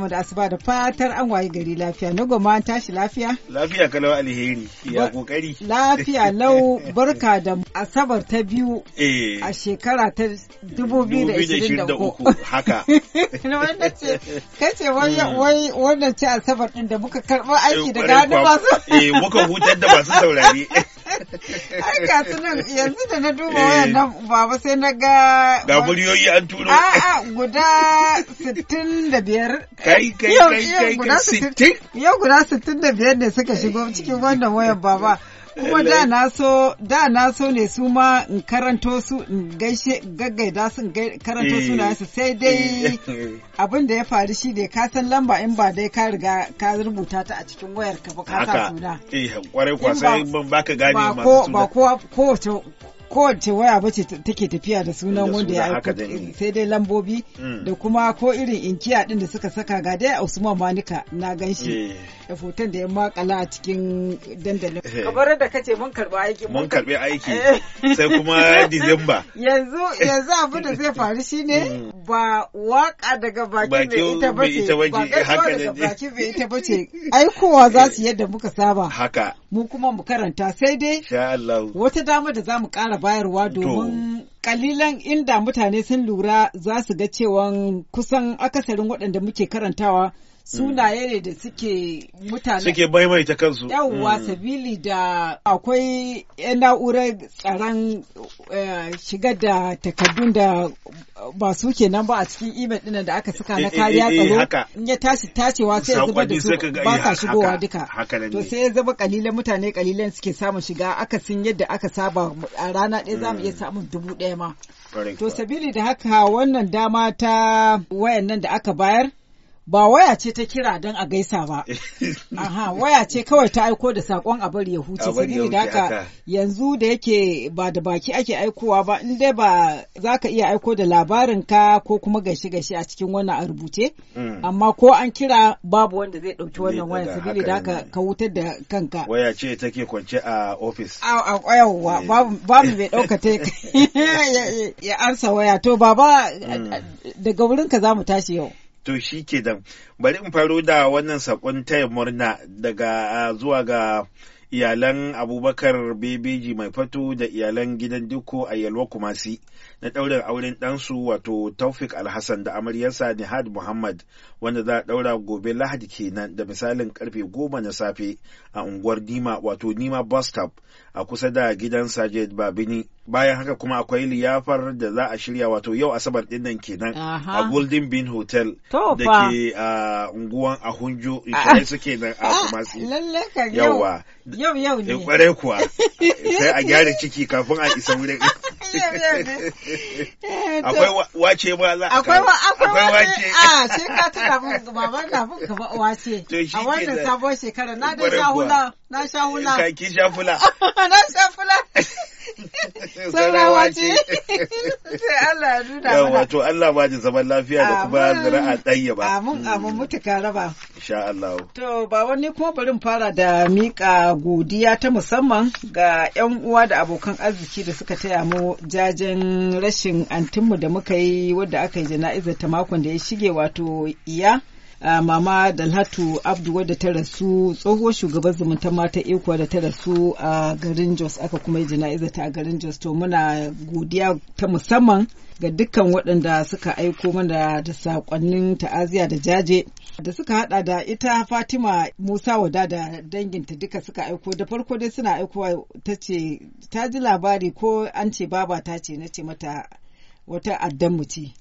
barkamu da asuba da fatar an waye gari lafiya na goma an tashi lafiya lafiya kalau alheri ya kokari lafiya lau barka da asabar ta biyu eh. a shekara ta 2023 haka kace hmm. wai wannan ce asabar din da muka karba aiki eh, da gano masu eh muka hutar da masu saurari Ai ga su nan yanzu da na duba wayannan eh. baba sai na ga Da muryoyi an turo. A'a ah, ah, guda 65. Kai kai kai kai 60. Yau guda 65 ne suka shigo cikin wannan wayar baba. Kuma da na so da na so ne su ma in karanto su in gaishe gaggaida su karanto eh. na su sai dai eh. abin da ya faru shi ne ka san lamba in ba dai ka riga ka rubuta ta a cikin wayar ka ba ka sa suna. Eh kwarai kwa sai ban baka gane masu suna. Ba ko kowace waya bace take tafiya da sunan wanda ya sai dai lambobi mm. da kuma ko irin inkiya din da suka saka ga dai Usman Manika na ganshi eh. da hoton da ya makala a cikin dandalin eh. kabarar da kace mun karba aiki mun karbe aiki eh. sai kuma Disamba yanzu yanzu abin da zai faru shine mm. ba waka daga bakin ita bace ba haka daga bakin ita bace aikowa za su yadda muka saba haka mu kuma mu karanta sai dai wata dama da za mu kara bayarwa domin kalilan inda mutane sun lura za su ga cewa kusan akasarin waɗanda muke karantawa sunaye ne da suke mutane suke maimaita kansu yawwa mm. sabili da akwai na'urar tsaron eh, shigar da takardun da ba su ke nan ba a cikin imel ɗin da aka saka na eh, eh, kariya tsaro in ya tashi tacewa sai ya zuba da su ba sa shigowa duka to sai ya zama kalilan mutane kalilan suke samun shiga akasin yadda aka saba a rana ɗaya za mu iya mm. samun dubu ɗaya ma to sabili da haka wannan dama ta wayan nan da aka bayar ba waya ce ta kira don a gaisa ba. Aha, waya ce kawai ta aiko da saƙon a bari ya huce sabili da haka yanzu da yake ba da baki ake aikowa ba in dai ba za ka iya aiko da labarin ka ko kuma gashi gashi a cikin wannan a rubuce. Mm. Amma ko an kira babu wanda zai ɗauki wannan waya sabili da haka ka wutar da kanka. Waya ce ke kwance a ofis. A eh. ba babu mai ɗauka ta ya ansa waya to baba mm. daga wurinka za mu tashi yau. To shi ke dan bari in faro da wannan saƙon taya murna daga zuwa ga iyalan abubakar bebeji mai fato da iyalan gidan diko a yalwa kumasi na ɗaurin auren ɗansu wato taufik alhassan da amaryarsa nihad muhammad wanda za a ɗaura gobe lahadi kenan da misalin karfe goma na safe a unguwar nima wato nima bus stop a kusa da gidan sajid babini bayan haka kuma akwai liyafar da za a shirya wato yau asabar din nan kenan a golden bean hotel da ke a unguwan ahunjo ishirai ah. suke nan a ah, kumasi yawa yau yau ne kwarai eh, kuwa sai a gyara ciki kafin a isa wurin eh, akwai wace ma za a akwai wace a ah, sai ka kafin baban kafin ka ba uwa ce. A wannan sabon shekara na da sha hula na sha hula. sha fula. Na sha fula. Sarrawa ce. Sai Allah ya nuna mana. Wato Allah ma ji zaman lafiya da kuma zira'a ɗayya ba. Amin amin hmm. mutuka raba. Insha Allah. To ba wani kuma bari fara da miƙa godiya ta musamman ga 'yan uwa da abokan arziki da suka taya mu jajen rashin antinmu da muka yi wadda aka yi jana'izar ta makon da ya shige wato iya. a ah, mama dalhatu abdu wadda ta rasu tsohuwar shugaban zumunta mata ikuwa da ta rasu a garin jos aka kuma yi jana'iza ta a garin jos to muna godiya ta musamman ga dukkan waɗanda suka aiko mana da saƙonnin ta'aziya da jaje da suka hada da ita fatima musa wada da danginta duka suka aiko da farko dai suna aikowa ta ce ta ji labari ko an ce baba ta ce na ce mata wata addan mu ce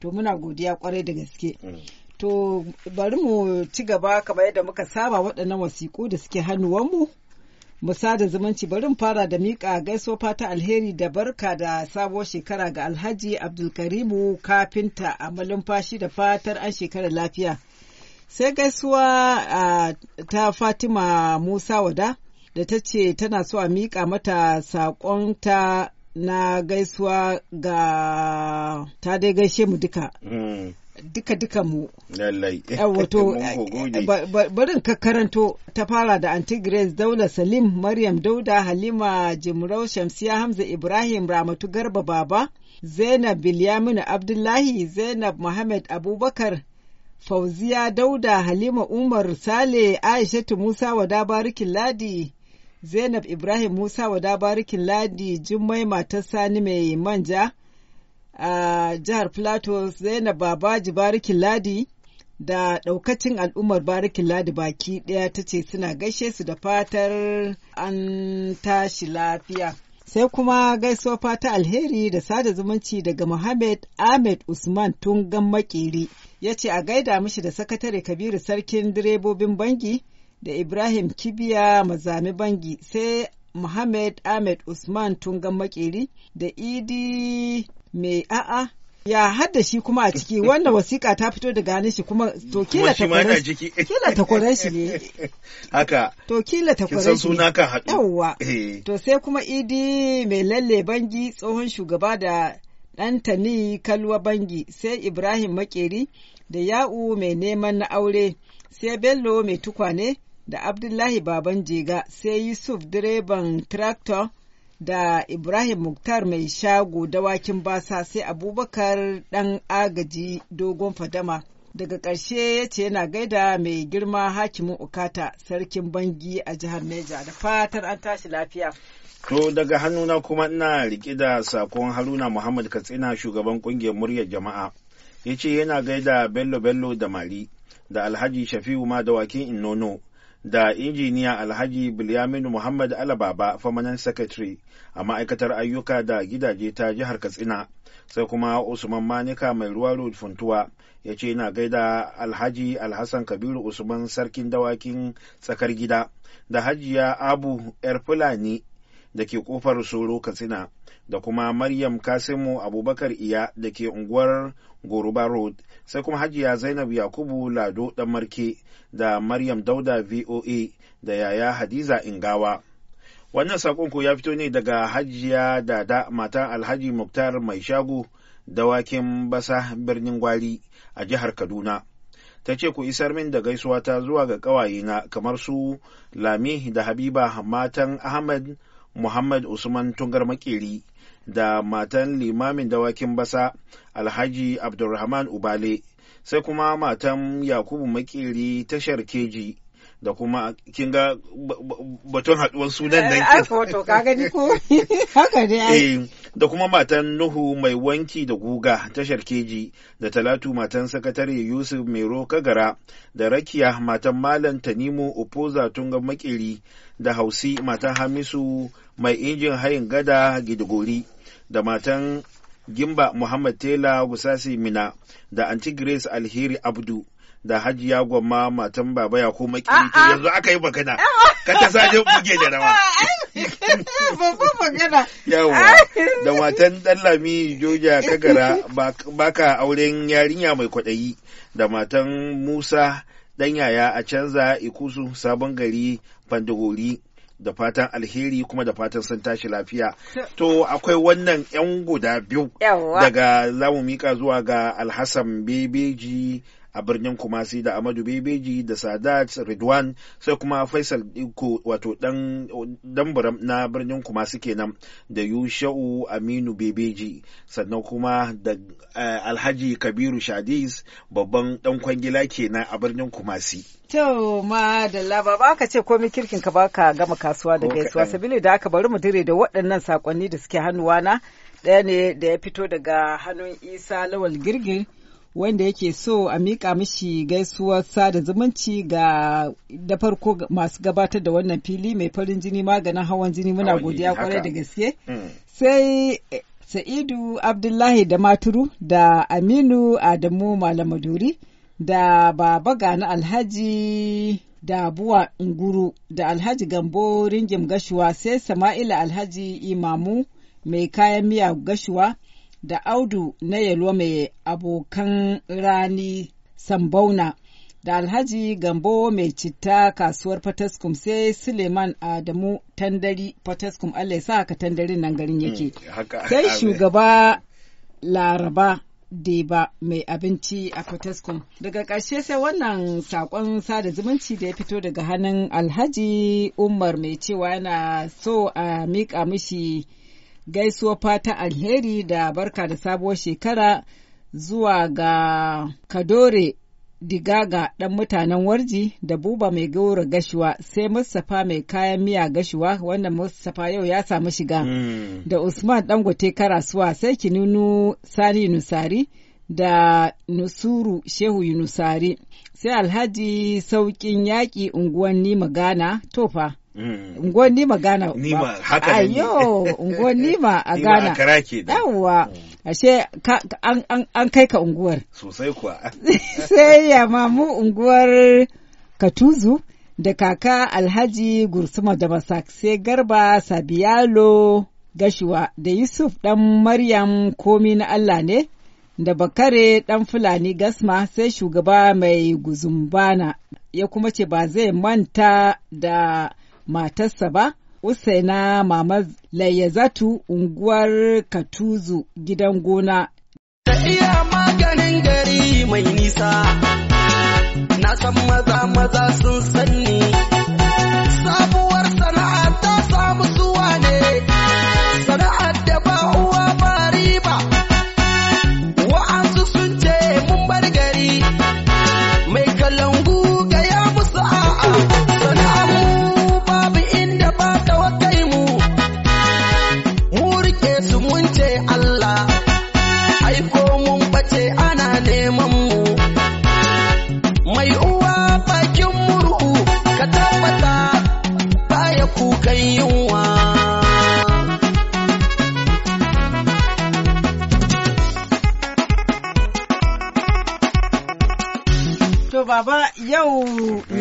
to muna godiya kwarai da gaske mm. To bari mu ci gaba kamar yadda muka saba waɗannan wasiƙu da suke hannuwan Mu sada zumunci bari mu fara da miƙa gaisuwa fata alheri da barka da sabuwar shekara ga Alhaji Abdulkarimu kafinta a malumfashi da fatar an shekara lafiya. Sai gaisuwa ta Fatima Musa Wada da ta ce tana so a miƙa mata saƙonta na gaisuwa ga ta dai gaishe mu duka. Mm. duka-duka mu. Wato, barin ka karanto ta fara da antigras Grace Daula Salim, Maryam Dauda, Halima Jimrau, Shamsiya Hamza Ibrahim, Ramatu Garba Baba, Zainab Bilyaminu Abdullahi, Zainab Muhammad Abubakar, Fauziya Dauda, Halima Umar Sale, Aishatu Musa Wada Barikin Ladi, Zainab Ibrahim Musa Wada Barikin Ladi, Jummai matar Sani mai manja. a jihar plateau zainab babaji barikin ladi da daukacin al'ummar barikin ladi baki daya ta ce suna gaishe su da fatar an tashi lafiya sai kuma gaiso fata alheri da sada zumunci daga Muhammad Ahmed Usman Tungan Makeri ya ce a gaida mishi da sakatare Kabiru Sarkin Direbobin Bangi da Ibrahim Kibiya Mazami Bangi sai Muhammad Ahmed Usman Tungan Makeri da Idi me a'a ya hadda shi kuma a ciki wannan wasiƙa ta fito daga hannun shi kuma to kila ta kwarar shi kila ta kwarar shi ne haka to kila ta kwarar shi suna kan haɗu yawwa eh. to sai kuma idi mai lalle bangi tsohon shugaba da dan tani kalwa bangi sai ibrahim makeri da ya'u mai neman na aure sai bello mai tukwane da abdullahi baban jega sai yusuf direban tractor da Ibrahim Muktar mai shago dawakin basa sai Abubakar ɗan agaji dogon fadama. Daga ƙarshe ya ce yana gaida mai girma hakimin Okata sarkin bangi a jihar Neja da fatar an tashi lafiya. To daga hannuna kuma ina riƙe da sakon Haruna Muhammad Katsina shugaban ƙungiyar muryar jama'a. Ya ce yana gaida Bello Bello da Mari da Alhaji Shafi'u ma da dawakin Innono da injiniya alhaji bilyaminu muhammad alababa famanan secretary a ma'aikatar ayyuka da gidaje ta jihar katsina sai kuma usman manika mai ruwa road funtuwa ya ce na gaida alhaji alhassan kabiru usman sarkin dawakin tsakar gida da hajiya abu yar fulani da ke kofar soro katsina da kuma maryam kasimu abubakar iya da ke unguwar goruba road sai kuma hajiya zainab yakubu lado dan marke da maryam dauda voa da yaya hadiza ingawa wannan sakon ku ya fito ne daga hajiya dada mata alhaji muktar mai shago dawakin basa birnin gwari a jihar kaduna ta ce ku isar min da gaisuwa ta zuwa ga ƙawayena kamar su lami da habiba matan ahmad muhammad usman tungar makeri da matan limamin dawakin basa alhaji abdulrahman ubale sai kuma matan yakubu makeri tashar keji da kuma kin batun haduwar sunan nan eh, eh, da kuma matan Nuhu mai wanki da guga tashar keji da Talatu matan sakatare Yusuf Mero Kagara da Rakiya matan Malam Tanimu Opoza Tunga Makeri da Hausi matan Hamisu mai injin hayin gada Gidigori. da matan Gimba Muhammad Tela Gusasi Mina da anti Grace Alheri Abdu da Hajiya Gwamma matan Baba ya ko yanzu aka yi magana ka ta jin buge da rawa babban magana yawa da matan Dallami Joja Kagara baka auren yarinya mai kwaɗayi da matan Musa ɗan yaya a canza ikusu sabon gari Bandagori da fatan alheri kuma da fatan sun tashi lafiya to akwai wannan yan guda biyu daga zamu mika zuwa ga alhassan bebeji a birnin kumasi da amadu bebeji da sadat ridwan sai kuma faisal iko wato dan na birnin kumasi kenan da yusha'u aminu bebeji sannan kuma da eh, alhaji kabiru shadis babban dan kwangila kenan a birnin kumasi to ma da laba ba ka ce komai kirkin ka baka gama kasuwa da gaisuwa sabili da aka bari mu dire da waɗannan sakonni da suke hannuwana ɗaya ne da ya fito daga hannun isa lawal girgir wanda yake so a miƙa mishi gaisuwar sada zumunci ga da farko masu gabatar da wannan fili mai farin jini maganin hawan jini muna godiya kwarai da gaske mm. sai eh, sa'idu abdullahi da maturu da aminu adamu malamaduri da baba gani alhaji da buwa nguru da alhaji gambo ringim gashuwa sai sama'ila alhaji imamu mai kayan miya gashuwa da Audu na Yalwa mai abokan rani Sambauna da Alhaji Gambo mai citta kasuwar Fataskum sai Suleiman Adamu Tandari Fataskum Allah ya sa ka tandarin nan garin yake. Hmm, sai shugaba Laraba Deba mai abinci a Fataskum. Daga ƙarshe sai wannan saƙon sada zumunci da ya fito daga hannun Alhaji Umar mai cewa yana so a miƙa mishi gaisuwa fata alheri da barka da sabuwar shekara zuwa ga kadore digaga ɗan mutanen warji da buba mai gaura gashuwa sai mustapha mai kayan miya gashuwa wannan mustapha yau ya samu shiga mm. da usman dangote karasuwa sai kinunu sani nusari da nusuru shehu nusari sai alhaji sauƙin yaƙi unguwanni magana tofa Mm. Unguwar Nima Ghana. Nima haka Ayo, unguwar Nima a Ghana. Nima kara ke da. Mm. ashe an kai ka unguwar. Sosai kuwa. Sai ya mamu unguwar Katuzu da kaka Alhaji Gursuma da Masak Garba Sabiyalo Gashuwa da Yusuf ɗan Maryam komi na Allah ne. da bakare ɗan fulani gasma sai shugaba mai guzumbana ya kuma ce ba zai manta da matarsa ba usaina mama layyazatu unguwar katuzu gidan gona tafiya maganin gari mai nisa na san maza maza sun sanni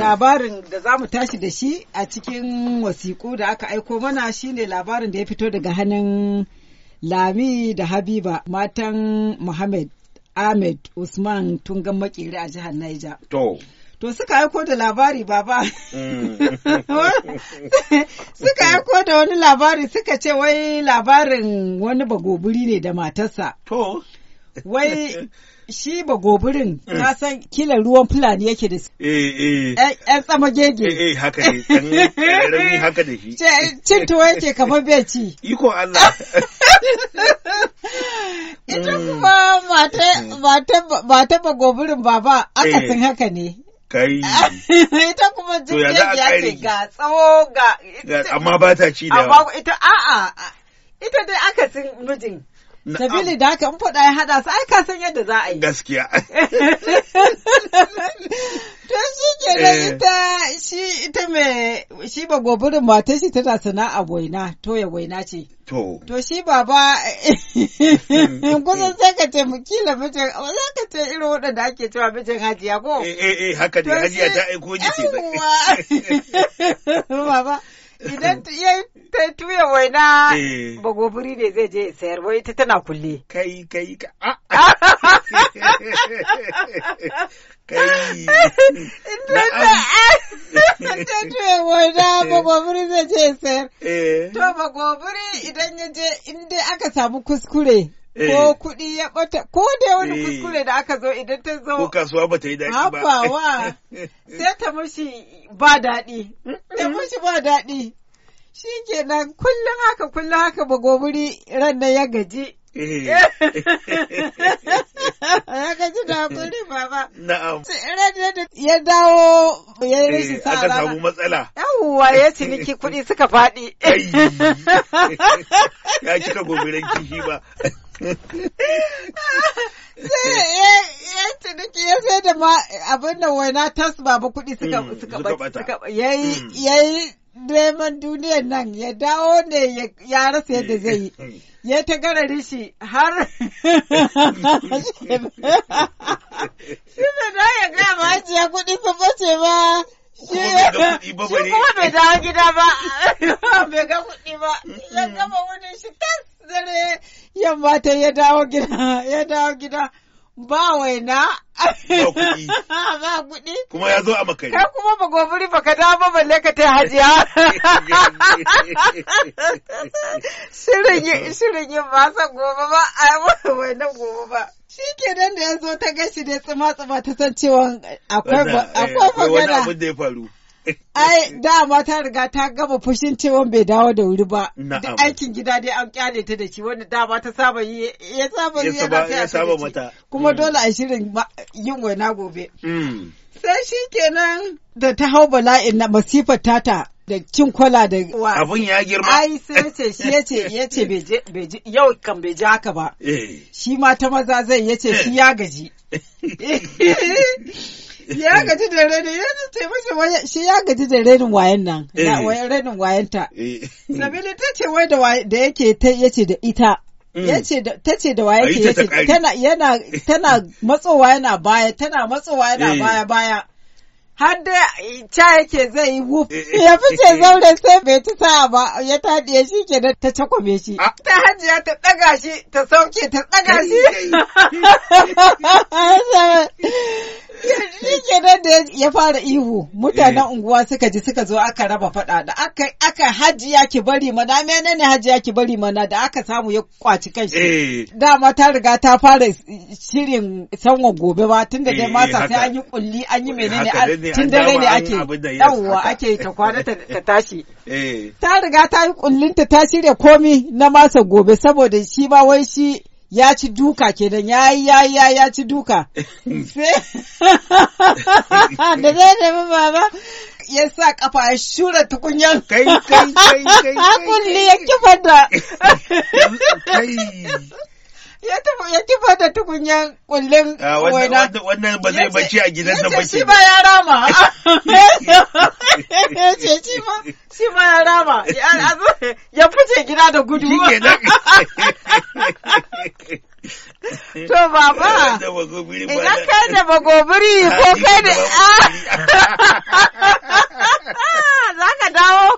labarin da za mu tashi da shi a cikin wasiƙu da aka aiko mana shine labarin da ya fito daga hannun Lami da Habiba matan Muhammad Ahmed Usman tun Tungan Makere a jihar Niger. To. To suka aiko da labari baba. Mm. suka aiko da wani labari suka ce wai labarin wani bagoburi ne da matarsa. To. Wai shi ba gobirin eh. ka san kila ruwan fulani yake da su. Yan eh, eh. tsama gege. Eh eh haka ne. Rami haka da shi. Cin tuwa yake kamar bai ci. Iko Allah. Ita kuma mata ba gobirin baba akasin haka ne. kai ita kuma jirgin ya ce ga tsawo ga amma ba ta ci da ita a'a ita dai aka mijin Sabili da haka in faɗa ya haɗa su ai ka san yadda za a yi. Gaskiya. To shi ke da eh. ita shi ita mai shi ba gobirin matar shi tana sana'a waina toya waina ce. To. To shi baba kusan sai ka ce kila mijin za ka ce irin waɗanda ake cewa mijin hajiya ko. Eh eh, eh haka ne hajiya ta aiko jiki. Baba. idan ta tuya waina eh. ba gobiri ne zai je sayar wai ita tana kulle. Kai kai ka ah. kai ah, ta tuya waina ba gobiri zai je sayar. Eh. To ba idan ya je inda aka samu kuskure. ko eh. kuɗi ya ɓata ko da wani kuskure da aka zo idan ta zo ko kasuwa ba ta yi daɗi ba sai ta mushi ba daɗi ta mushi ba daɗi Shi kenan kullum haka kullum haka ba gobiri ran na ya gaji. Eh. Ya gaji da hakuri baba. Na'am. Ran da ya dawo ya yi rashin sa eh, Aka samu matsala. Yawuwa ya ciniki kuɗi suka faɗi. Ya cika gobiran kishi ba. sai ciniki ya sai da abin da waina tas ba kuɗi hmm, suka ya yi hmm. neman duniyar nan ya dawo ne ya rasa yadda eh. zai yi ya ta gara rishi har shi da na ya gaya ma ya kuɗi su bace ba shi kuma bai dawo gida ba bai ga kuɗi ba ya mm. gama wani shi tas dare yamma ta ya dawo gida ya dawo gida ba waina ba kuɗi. Kuma ya zo a makari. Ka kuma ba gobiri ba ka dama balle ka ta hajiya. Shirin yin ba san gobe ba a wannan gobe ba. Shi ke nan da ya zo ta gashi da tsuma-tsuma ta san cewa akwai eh, magana. wani abin da ya faru. Ai, dama ta riga ta gama fushin cewa bai dawo da wuri ba. Duk aikin gida dai an kyale ta da shi wanda dama ta saba yi ya saba yi yana ya saba mata. Kuma mm. dole a shirin yin waina gobe. Mm. Sai shi kenan da ta hau bala'in na masifar tata. da cin kwala da wa abun ya girma ai sai ce shi ya ce ya ce yau kan bai ji haka ba eh. shi ma ta maza zai yace shi ya gaji ya gaji da reni ya ce mashi waya shi ya gaji da renin wayan nan eh. wayan renin wayan ta eh. sabili ta ce wai da yake ta yace da ita mm. ya ce ta ce da waye ke yace tana yana tana matsowa yana baya tana matsowa yana eh. baya baya har da ca yake zai yi wuf ya fi ce zaure sai bai ci sa ba ya taɗiye shi ke da ta cakwame shi ah. ta hajiya ta ɗaga shi ta sauke ta ɗaga shi shi kenan da ya fara ihu mutanen eh. unguwa suka ji suka zo aka raba fada da aka aka hajiya ki bari mana mene ne hajiya ki bari mana da aka samu ya kwaci kanshi eh. dama ta riga ta fara shirin sanwa gobe ba tun da dai eh, mata sai an yi kulli an yi menene tun dare ne ake yawwa ake ta kwana ta tashi ta riga ta yi kullinta ta shirya komi na masa gobe saboda shi ba wai shi ya ci duka kenan ya yi ya ya ya ci duka da zai nemi baba ya sa kafa ya shura tukunyar kai kai kai kai kulli ya da kai ya kifa da tukunyan kullum ah, waina. Wannan ba zai bace a gidansa ba shi ba ya rama. Ya ce shi ba shi ba ya rama. Ya fice gida da gudu. To baba, idan kai da bagobiri ko kai da za ka dawo.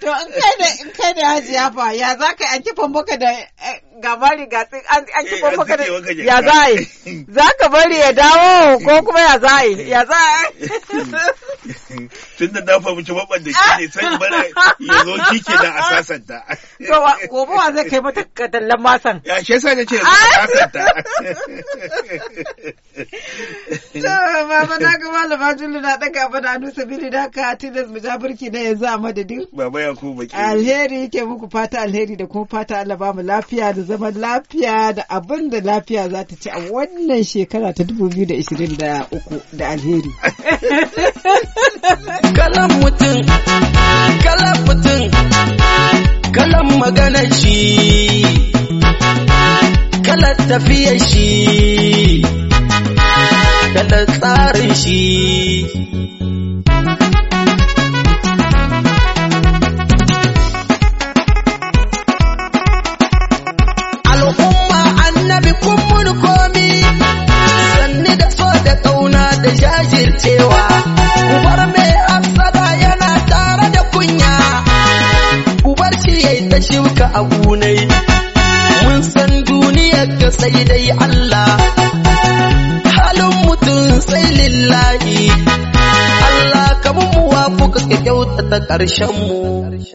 To in kai da in kai da ya ba ya za ka an kifan baka da eh, ga bari ga an kifan eh, baka da ya za a yi za ka bari ya dawo ko kuma ya za a yi ya za a yi tun da na fahimci babban da ke ne sai bara ya zo kike da a sasanta gobe wa zai kai mata tallan masan ya shi yasa na ce ya zo ah! sasanta ta baba na ga malama jullu na daga ba da hannu sabili da haka tilas mu jabirki na yanzu a madadin baba ya ku baki alheri yake muku fata alheri da kuma fata Allah ba mu lafiya da zaman lafiya da abin da lafiya za ta ci a wannan shekara ta 2023 da alheri kalan mutum kalan mutum kalan maganar shi kalan tafiyar shi tsarin shi ta ƙarshen mu